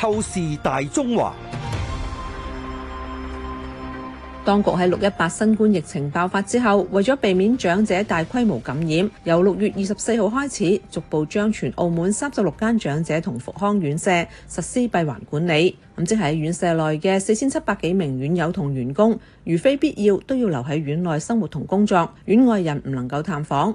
透視大中華，當局喺六一八新冠疫情爆發之後，為咗避免長者大規模感染，由六月二十四號開始，逐步將全澳門三十六間長者同復康院舍實施閉環管理。咁即係喺院舍內嘅四千七百幾名院友同員工，如非必要都要留喺院內生活同工作，院外人唔能夠探訪。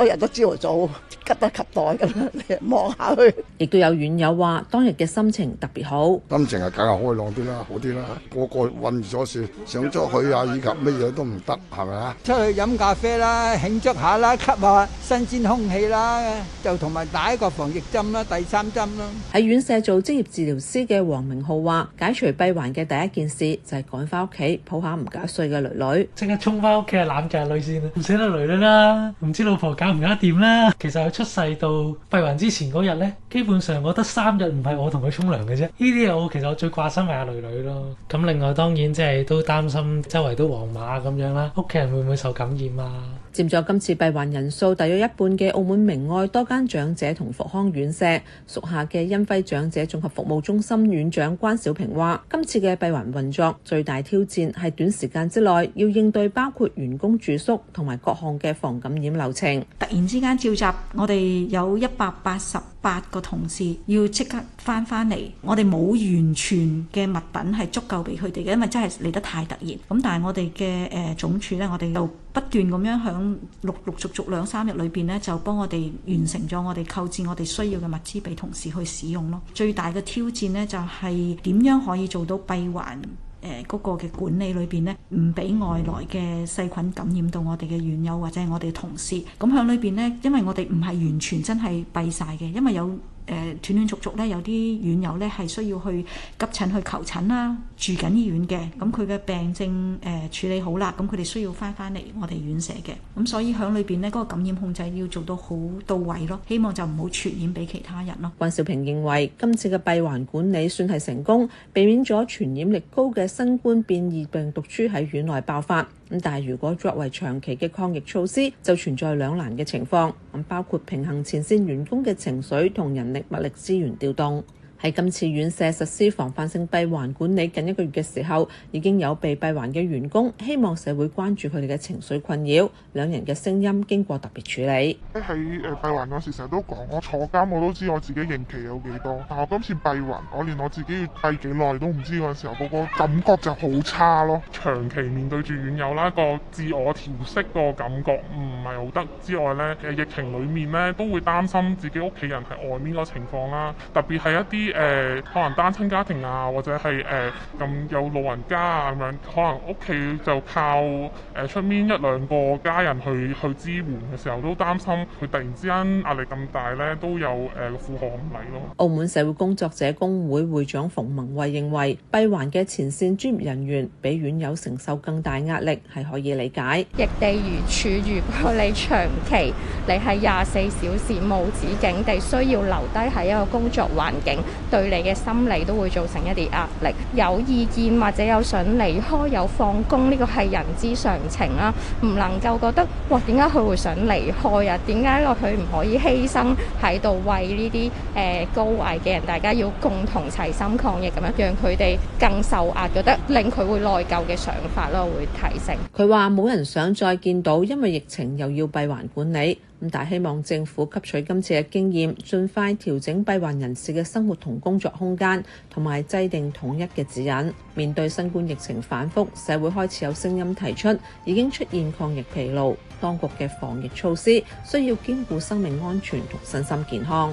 好多人都朝早做急不及待咁望下去。亦 都有院友話：當日嘅心情特別好，心情係梗係開朗啲啦，好啲啦。個個韞住咗算，想出去啊，以及乜嘢都唔得，係咪啊？出去飲咖啡啦，慶祝下啦，吸下、啊、新鮮空氣啦，就同埋打一個防疫針啦，第三針啦。喺院舍做職業治療師嘅黃明浩話：解除閉環嘅第一件事就係、是、趕翻屋企抱下唔夠歲嘅女女，即刻衝翻屋企攬住女先唔捨得女女啦，唔知老婆搞。唔得掂啦！其實佢出世到閉環之前嗰日咧，基本上我得三日唔係我同佢沖涼嘅啫。呢啲嘢我其實我最掛心係阿女女咯。咁另外當然即係都擔心周圍都黃碼咁樣啦，屋企人會唔會受感染啊？佔咗今次閉環人數大約一半嘅澳門明愛多間長者同復康院舍屬下嘅恩輝長者綜合服務中心院長關小平話：今次嘅閉環運作最大挑戰係短時間之內要應對包括員工住宿同埋各項嘅防感染流程。突然之間召集我哋有一百八十八個同事要即刻翻翻嚟，我哋冇完全嘅物品係足夠俾佢哋嘅，因為真係嚟得太突然。咁但係我哋嘅誒總處呢，我哋就不斷咁樣響陸陸續續兩三日裏邊呢，就幫我哋完成咗我哋購置我哋需要嘅物資俾同事去使用咯。最大嘅挑戰呢，就係點樣可以做到閉環。誒嗰、呃那個嘅管理裏邊咧，唔俾外來嘅細菌感染到我哋嘅院友或者係我哋同事，咁喺裏邊咧，因為我哋唔係完全真係閉晒嘅，因為有。誒斷斷續續咧，有啲院友咧係需要去急診去求診啦，住緊醫院嘅，咁佢嘅病症誒處理好啦，咁佢哋需要翻翻嚟我哋院舍嘅，咁所以響裏邊呢嗰個感染控制要做到好到位咯，希望就唔好傳染俾其他人咯。關少平認為今次嘅閉環管理算係成功，避免咗傳染力高嘅新冠變異病毒株喺院內爆發。咁但係如果作為長期嘅抗疫措施，就存在兩難嘅情況。咁包括平衡前線員工嘅情緒同人力物力資源調動。喺今次院舍實施防範性閉環管理近一個月嘅時候，已經有被閉環嘅員工希望社會關注佢哋嘅情緒困擾。兩人嘅聲音經過特別處理。喺誒閉環嗰時，成日都講我坐監我都知我自己刑期有幾多，但我今次閉環，我連我自己要閉幾耐都唔知嗰時候，個、那個感覺就好差咯。長期面對住院友啦，個自我調適嗰個感覺唔係好得之外咧，嘅疫情裡面咧都會擔心自己屋企人喺外面個情況啦。特別係一啲誒可能單親家庭啊，或者係誒咁有老人家啊咁樣，可能屋企就靠誒出面一兩個家人去去支援嘅時候，都擔心佢突然之間壓力咁大咧，都有誒負荷唔嚟咯。澳門社會工作者工會會長馮文慧認為，閉環嘅前線專業人員畀院友承受更大壓力係可以理解。易地而處，如果你長期你係廿四小時無止境地需要留低喺一個工作環境，對你嘅心理都會造成一啲壓力。有意見或者有想離開、有放工，呢個係人之常情啦。唔能夠覺得哇，點解佢會想離開啊？點解落佢唔可以犧牲喺度為呢啲誒高危嘅人？大家要共同齊心抗疫，咁樣讓佢哋更受壓，覺得令佢會內疚嘅。想法咯，會提升佢話冇人想再見到，因為疫情又要閉環管理咁，但係希望政府吸取今次嘅經驗，盡快調整閉環人士嘅生活同工作空間，同埋制定統一嘅指引。面對新冠疫情反覆，社會開始有聲音提出已經出現抗疫疲勞，當局嘅防疫措施需要兼顧生命安全同身心健康。